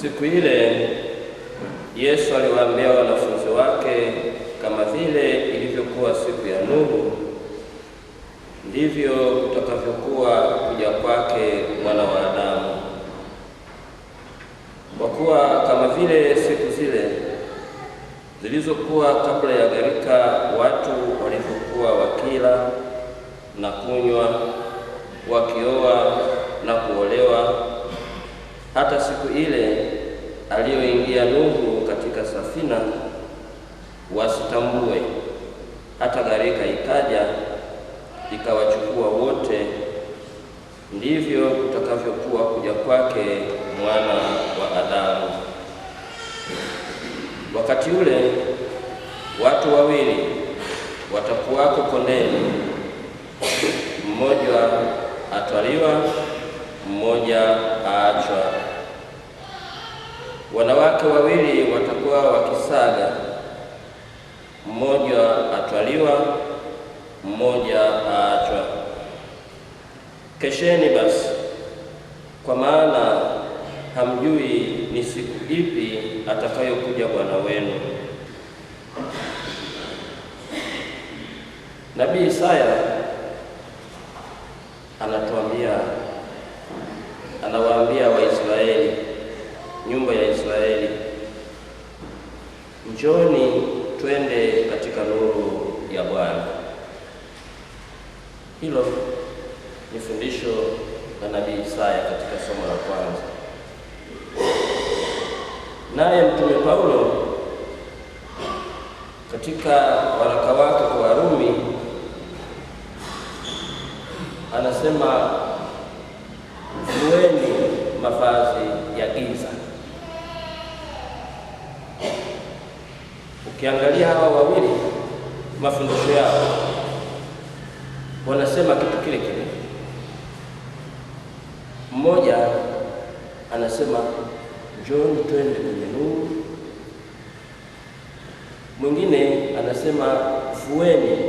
Siku ile Yesu aliwaambia wanafunzi wake, kama vile ilivyokuwa siku ya Nuhu, ndivyo kutakavyokuwa kuja kwake mwana wa Adamu. Kwa kuwa kama vile siku zile zilizokuwa kabla ya gharika, watu walivyokuwa wakila na kunywa, wakioa na kuolewa hata siku ile aliyoingia Nuhu katika safina wasitambue, hata gharika ikaja ikawachukua wote. Ndivyo kutakavyokuwa kuja kwake mwana wa Adamu. Wakati ule watu wawili watakuwako kondeni, mmoja atwaliwa, mmoja aachwa wanawake wawili watakuwa wakisaga, mmoja atwaliwa, mmoja aachwa. Kesheni basi, kwa maana hamjui ni siku ipi atakayokuja Bwana wenu. Nabii Isaya anatuambia, anawaambia Njoni twende katika nuru ya Bwana. Hilo ni fundisho la nabii Isaya katika somo la kwanza. Naye mtume Paulo katika waraka wake kwa Warumi anasema Ukiangalia hawa wawili mafundisho yao wanasema kitu kile kile. Mmoja anasema njoni twende kwenye nuru, mwingine anasema fueni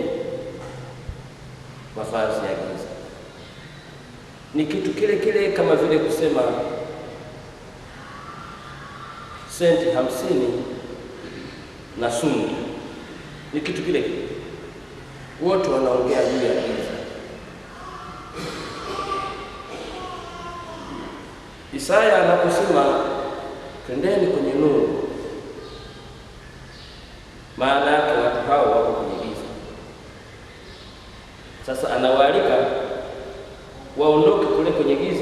mavazi ya giza. Ni kitu kile kile, kama vile kusema senti hamsini na sunna ni kitu kile kile, wote wanaongea juu ya giza. Isaya anaposema twendeni kwenye nuru, maana yake watu hao wako kwenye giza. Sasa anawaalika waondoke kule kwenye giza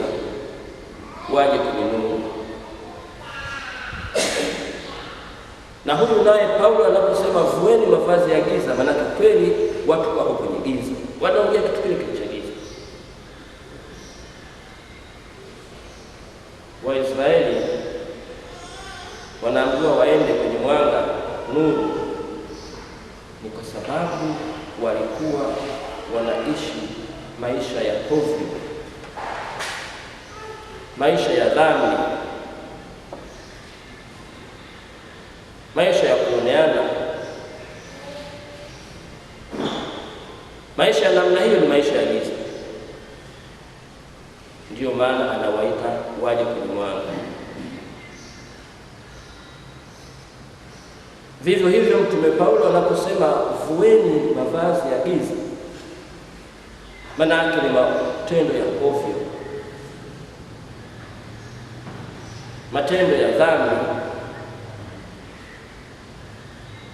huyu naye Paulo anaposema vueni mavazi ya giza, maanake kweli watu wako kwenye giza, wanaongea kitu Maisha ya namna hiyo ni maisha ya giza. Ndiyo maana anawaita waje kwenye mwanga. Vivyo hivyo Mtume Paulo anaposema vueni mavazi ya giza, maana yake ni matendo ya ovyo, matendo ya dhambi,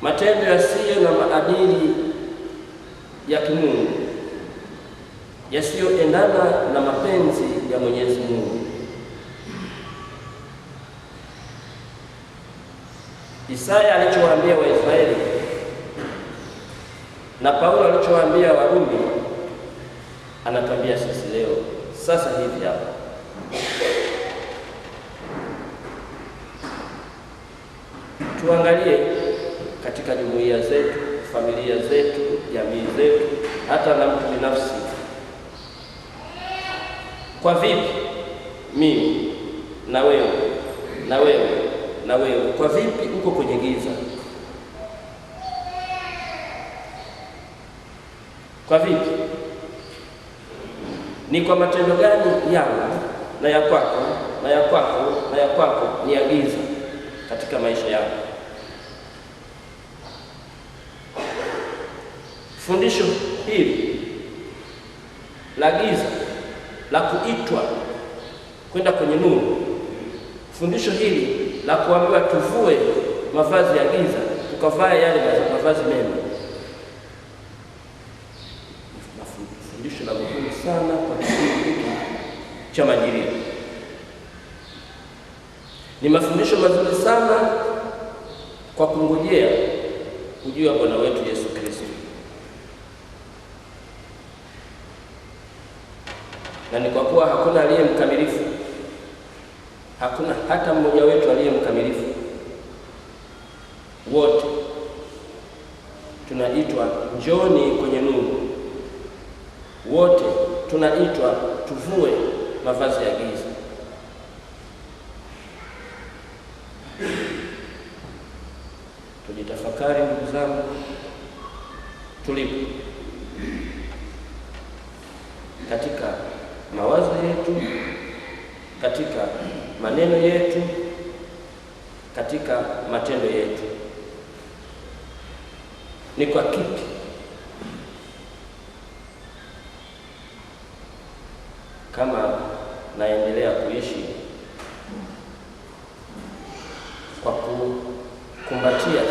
matendo yasiyo na maadili ya kimungu yasiyoendana na mapenzi ya Mwenyezi Mungu. Isaya alichowaambia Waisraeli na Paulo alichowaambia Warumi anatambia sisi leo sasa hivi hapa. Tuangalie katika jumuiya zetu familia zetu, jamii zetu, hata na mtu binafsi. Kwa vipi mimi na wewe na wewe na wewe, kwa vipi uko kwenye giza? Kwa vipi? Ni kwa matendo gani yangu na ya kwako na ya kwako na ya kwako ni ya giza katika maisha yako? Fundisho hili la giza la kuitwa kwenda kwenye nuru, fundisho hili la kuambiwa tuvue mavazi ya giza tukavae yale mavazi mema, fundisho la muhimu sana kwa kipindi hiki cha Majilio. Ni mafundisho mazuri sana kwa kungojea ujio wa Bwana wetu Yesu. na ni kwa kuwa hakuna aliye mkamilifu, hakuna hata mmoja wetu aliye mkamilifu. Wote tunaitwa njoni kwenye nuru, wote tunaitwa tuvue mavazi ya kama naendelea kuishi kwa kukumbatia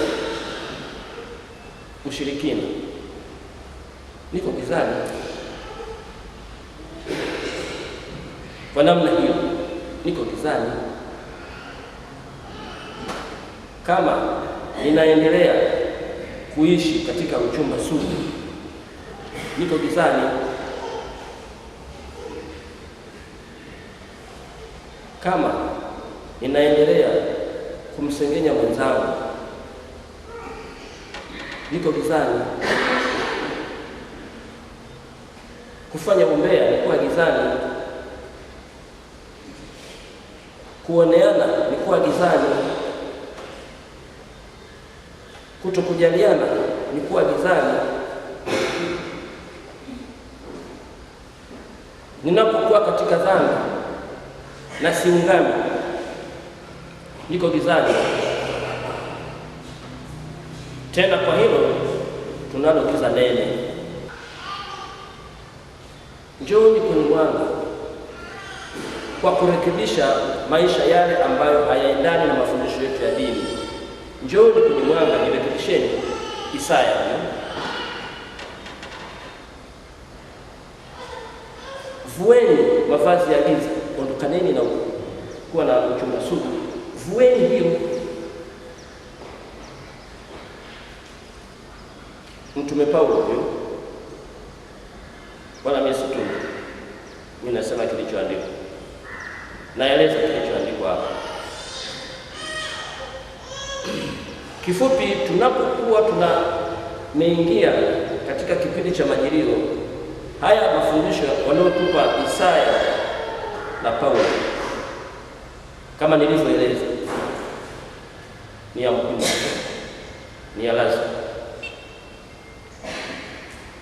ushirikina, niko gizani. Kwa namna hiyo niko gizani. Kama ninaendelea kuishi katika uchumba sugu, niko gizani. kama ninaendelea kumsengenya mwenzangu, niko gizani. Kufanya umbea ni kuwa gizani, kuoneana ni kuwa gizani, kutokujaliana ni kuwa gizani. Ninapokuwa katika dhambi na siungami, niko gizani. Tena kwa hilo tunalo giza nene. Njooni kwenye mwanga kwa kurekebisha maisha yale ambayo hayaendani na mafundisho yetu ya dini. Njooni kwenye mwanga, nirekebisheni Isaya vueni mavazi ya giza tukaneni na kuwa na uchunga sugu, vueni hiyo. Mtume Paulo huyo, eh? bwana, mimi situmi, mimi nasema kilichoandikwa, naeleza kilichoandikwa hapa. Kifupi, tunapokuwa tunameingia katika kipindi cha Majilio, haya mafundisho waliotupa Isaya na paundi kama nilivyoeleza, ni ya muhimu, ni ya lazima.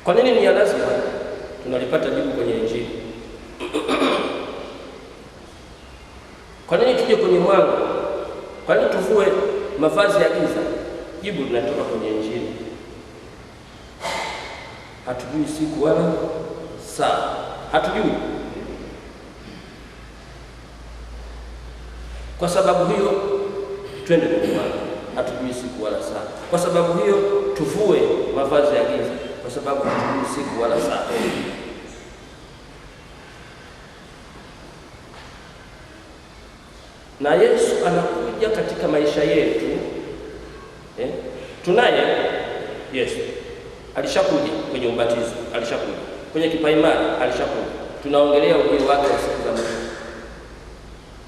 Kwa nini ni ya lazima? Tunalipata jibu kwenye Injili. Kwa nini tuje kwenye mwanga? Kwa nini tuvue mavazi ya giza? Jibu linatoka kwenye Injili. Hatujui siku wala saa, hatujui Kwa sababu hiyo twende kujuana, hatujui siku wala saa. Kwa sababu hiyo tuvue mavazi ya giza, kwa sababu hatujui siku wala saa. Na Yesu anakuja katika maisha yetu eh? Tunaye Yesu, alishakuja kwenye ubatizo, alishakuja kwenye kipaimara, alishakuja. Tunaongelea ujio wake wa siku za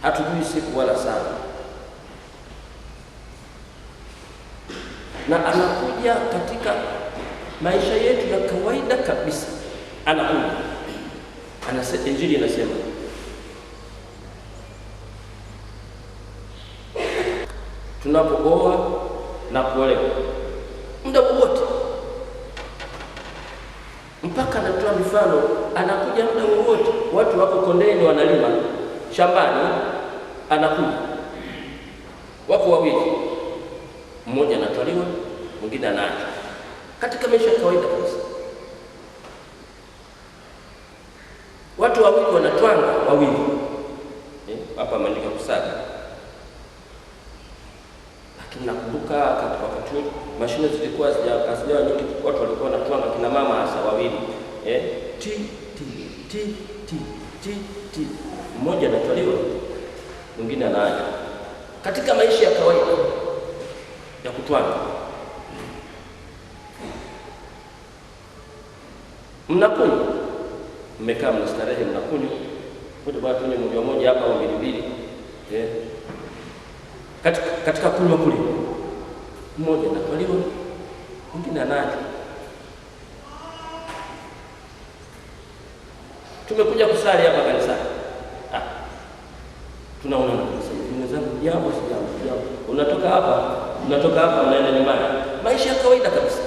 hatujui siku wala saa, na anakuja katika maisha yetu ya kawaida kabisa, anakuja anase, Injili inasema tunapooa na kuolewa, muda wowote mpaka anatoa mifano, anakuja muda wowote. Watu wako kondeni, wanalima shambani anakuja, wako wawili, mmoja anatwaliwa, mwingine anaacha, katika maisha ya kawaida kabisa. Watu wawili wanatwanga wawili, eh, hapa maandika kusaga. Lakini nakumbuka katika wakati huo mashine zilikuwa hazijawa nyingi, watu walikuwa wanatwanga, kina mama hasa wawili, eh, ti ti ti ti ti, mmoja anatwaliwa mwingine anaacha katika maisha ya kawaida ya kutwana. Mnakunywa, mmekaa mnastarehe, mnakunywa wote, bwana, tunywe moja moja hapa au mbili mbili, eh. katika, katika kunywa kule mmoja anatwaliwa, mwingine anaacha. Tumekuja kusali hapa tunaona mwenzangu, jambo si jambo unatoka hapa unatoka hapa unaenda nyumbani, maisha ya kawaida kabisa.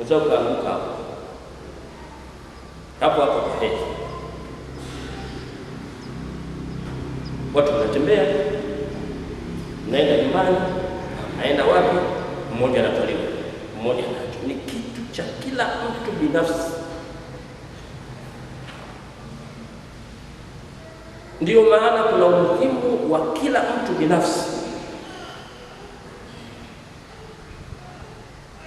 Unaweza ukaanguka hapo hapo hapo kahei, watu wanatembea, naenda nyumbani, naenda wapi, mmoja anatolewa, mmoja anatolewa Ni kitu cha kila mtu binafsi Ndiyo maana kuna umuhimu wa kila mtu binafsi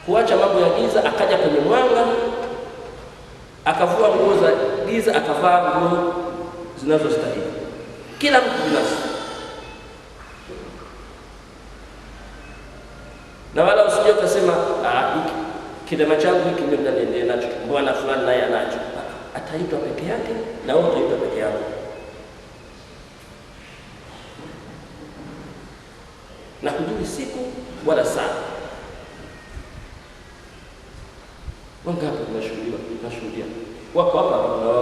kuacha mambo ya giza, akaja kwenye mwanga, akavua nguo za giza, akavaa nguo zinazostahili. Kila mtu binafsi, na wala usije ukasema ah, kilema changu hiki ndio naniendelee nacho, mbona fulani naye anacho. Ataitwa peke yake na wewe utaitwa peke yako. na kujui siku wala saa. Wangapi tunashuhudia, tunashuhudia wako hapa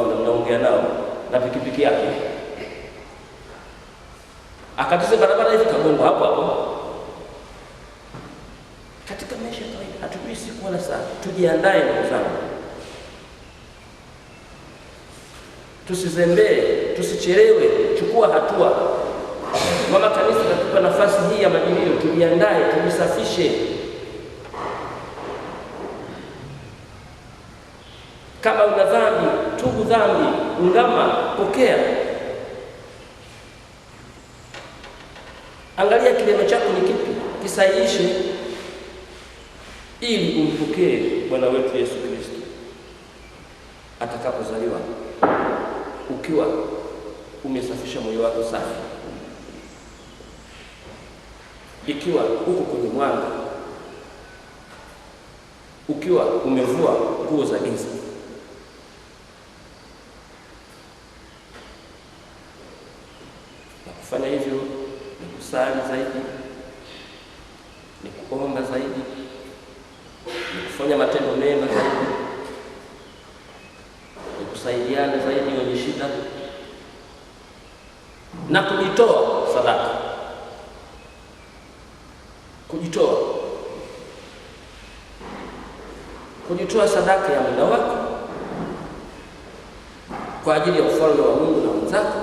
na mnaongea nao na pikipiki yake akatize barabara hivi kagongo hapo hapo. Katika maisha kawaida hatujui siku wala saa, tujiandae ndugu zangu, tusizembee, tusichelewe, chukua hatua. Tunapoipa nafasi hii ya majilio, tujiandae, tujisafishe. Kama una dhambi, tubu dhambi, ungama, pokea. Angalia kilema chako ni kipi, kisahihishe ili umpokee Bwana wetu Yesu Kristo atakapozaliwa ukiwa umesafisha moyo wako safi ikiwa huko kwenye mwanga, ukiwa umevua nguo za giza. Na kufanya hivyo ni kusali zaidi, ni kuomba zaidi, ni kufanya matendo mema zaidi, ni kusaidiana zaidi wenye shida na kujitoa sadaka kujitoa, kujitoa sadaka ya muda wako kwa ajili ya ufalme wa Mungu na wenzako,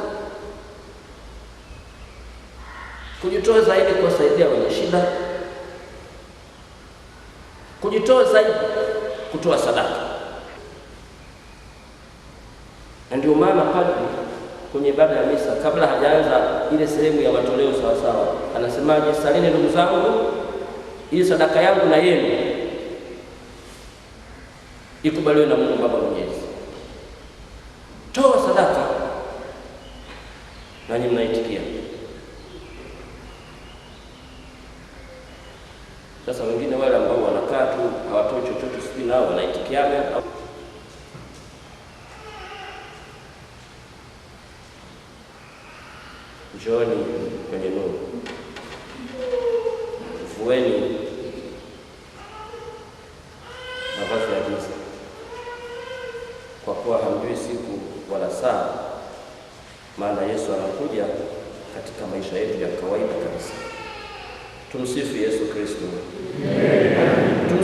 kujitoa zaidi kuwasaidia wenye shida, kujitoa zaidi kutoa sadaka. Na ndio maana padri kwenye ibada ya misa kabla hajaanza ile sehemu ya matoleo sawasawa, anasemaje? Salini ndugu zangu ili sadaka yangu na yenu ikubaliwe na Mungu Baba Mwenyezi. Toa sadaka nanyi mnaitikia. Sasa wengine wale ambao wanakaa tu hawatoi chochote, sijui nao wanaitikiaga Njooni kwenye nuru. Chukueni mavazi ya giza, kwa kuwa hamjui siku wala saa, maana Yesu anakuja katika maisha yetu ya kawaida kabisa. Tumsifu Yesu Kristo. Amen.